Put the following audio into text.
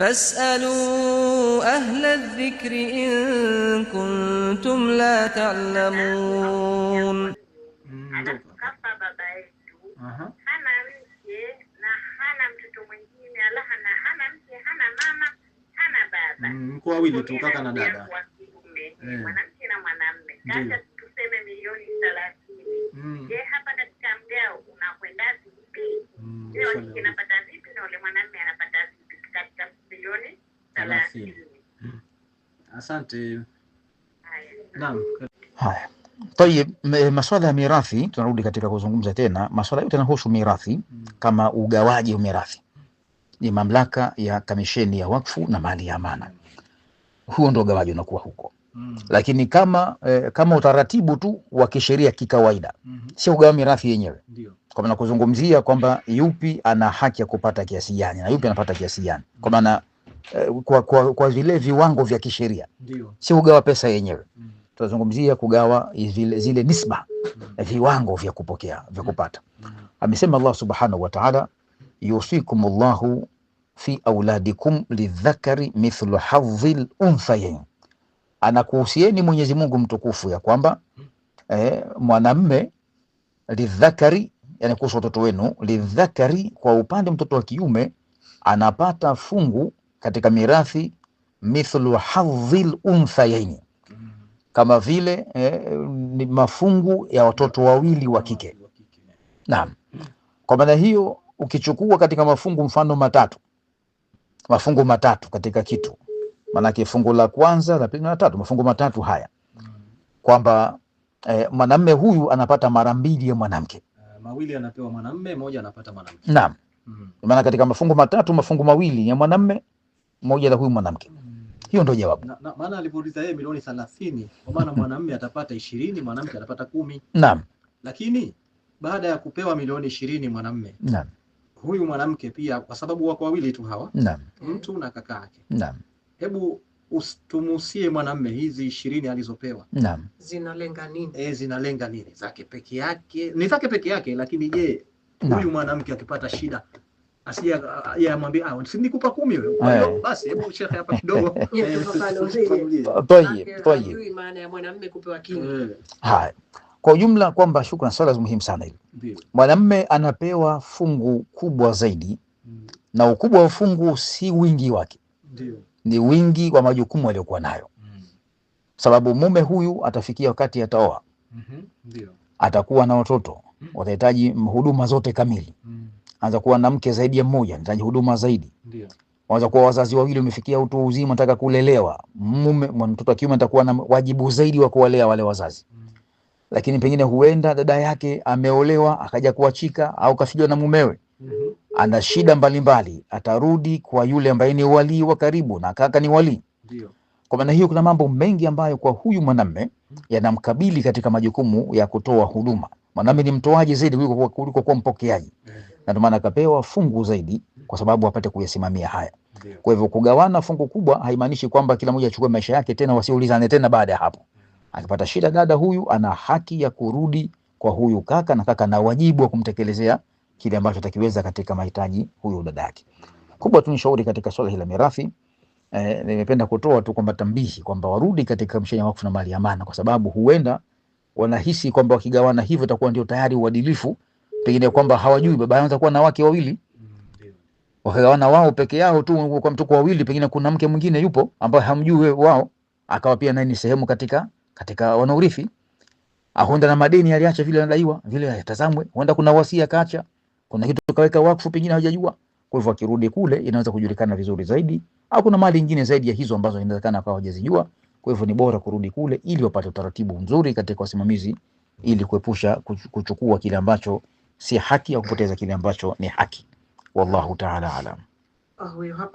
فاسألوا أهل الذكر إن كنتم لا تعلمون. Mm-hmm. Aha. Uh-huh. Mm, mko wawili tu kaka na dada eh. mwanamke na mwanamme kata tuseme milioni thelathini mm. je hapa katika mgao unakwenda vipi mm, hiyo kinapata Asante. Naam. Haya. Tayeb, masuala ya mirathi tunarudi katika kuzungumza tena, masuala yote yanahusu mirathi hmm. kama ugawaji wa mirathi ni mamlaka ya kamisheni ya wakfu na mali ya amana. Huo ndio ugawaji unakuwa huko. Mm. Lakini kama eh, kama utaratibu tu wa kisheria kikawaida, mm -hmm. sio ugawa mirathi yenyewe. Ndio. Kwa maana kuzungumzia kwamba yupi ana haki ya kupata kiasi gani na yupi anapata kiasi gani. Kwa maana Eh, kwa, kwa, kwa vile viwango vya kisheria, si kugawa pesa yenyewe mm. Tunazungumzia kugawa zile, zile nisba mm. viwango vya kupokea vya mm. kupata mm. Amesema Allah subhanahu wa ta'ala, yusikumullahu fi auladikum lidhakari mithlu hadhil unthayayn, anakuhusieni Mwenyezi Mungu mtukufu ya kwamba eh, mwanamme lidhakari, yani kuhusu watoto wenu, lidhakari, kwa upande mtoto wa kiume anapata fungu katika mirathi mithlu hadhil unthayaini, kama vile eh, ni mafungu ya watoto wawili wa kike. Naam, kwa maana hiyo ukichukua katika mafungu mfano matatu, mafungu matatu katika kitu, maanake fungu la kwanza, la pili na tatu, mafungu matatu haya, kwamba eh, mwanamme huyu anapata mara mbili ya mwanamke eh, mawili anapewa mwanamme, moja anapata mwanamke. Naam, mm-hmm. maana katika mafungu matatu mafungu mawili ya mwanamme moja za huyu mwanamke. Hiyo ndio jawabu. Maana alivyouliza yeye milioni 30, kwa maana mwanamume atapata 20, mwanamke atapata kumi. Naam. Lakini baada ya kupewa milioni 20 mwanamume. Naam. Huyu mwanamke pia kwa sababu wako wawili tu hawa. Naam. Mtu na kaka yake. Naam. Hebu tumusie mwanamume hizi ishirini alizopewa. Naam. Zinalenga nini? Eh, zinalenga nini? Zake peke yake. Ni zake peke yake lakini je, huyu mwanamke akipata shida kwa ujumla kwamba shukran, swala muhimu sana hili. mwanamme anapewa fungu kubwa zaidi mm. na ukubwa wa fungu si wingi wake ni wingi wa majukumu aliyokuwa nayo mm. sababu mume huyu atafikia wakati ataoa mhm. atakuwa na watoto mm. watahitaji huduma zote kamili anza kuwa na mke zaidi ya mmoja, nitaji huduma zaidi. Ndio wanaweza kuwa wazazi wawili wamefikia utu uzima, nataka kulelewa, mume mtoto wa kiume atakuwa na wajibu zaidi wa kuwalea wale wazazi mm. Lakini pengine huenda dada yake ameolewa akaja kuachika au kafijwa na mumewe mm -hmm. Ana shida mbalimbali, atarudi kwa yule ambaye ni walii wa karibu na kaka ni walii. Ndio kwa maana hiyo, kuna mambo mengi ambayo kwa huyu mwanamme mm. yanamkabili katika majukumu ya kutoa huduma. Mwanamme ni mtoaji zaidi kuliko kuwa mpokeaji mm -hmm na ndio maana akapewa fungu zaidi, kwa sababu apate kuyasimamia haya. Kwa hivyo kugawana fungu kubwa haimaanishi kwamba kila mmoja achukue maisha yake tena, wasiulizane tena baada ya hapo. Akipata shida dada huyu, ana haki ya kurudi kwa huyu kaka, na kaka na wajibu wa kumtekelezea kile ambacho atakiweza katika mahitaji huyu dada yake. Kubwa tu nishauri katika swala hili la mirathi eh, nimependa kutoa tu kwamba tambihi kwamba warudi katika mshenya wakfu na mali ya amana, kwa sababu huenda wanahisi kwamba wakigawana hivyo itakuwa ndio tayari uadilifu pengine kwamba hawajui mm. baba anaweza kuwa na wake wawili mm, wakagawana wao peke yao tu kwa mtuko wawili, pengine kuna mke mwingine yupo ambaye hamjui wao, akawa pia naye ni sehemu katika katika wanaurithi. Ahuenda na madeni aliacha vile anadaiwa vile, atazamwe huenda kuna wasia kaacha, kuna kitu kaweka wakfu, pengine hajajua. Kwa hivyo akirudi kule inaweza kujulikana vizuri zaidi, au kuna mali nyingine zaidi ya hizo ambazo inawezekana akawa hajazijua. Kwa hivyo ni bora kurudi kule ili wapate utaratibu mzuri katika wasimamizi, ili kuepusha kuchukua kile ambacho si haki ya kupoteza kile ambacho ni haki. Wallahu taala alam. Oh,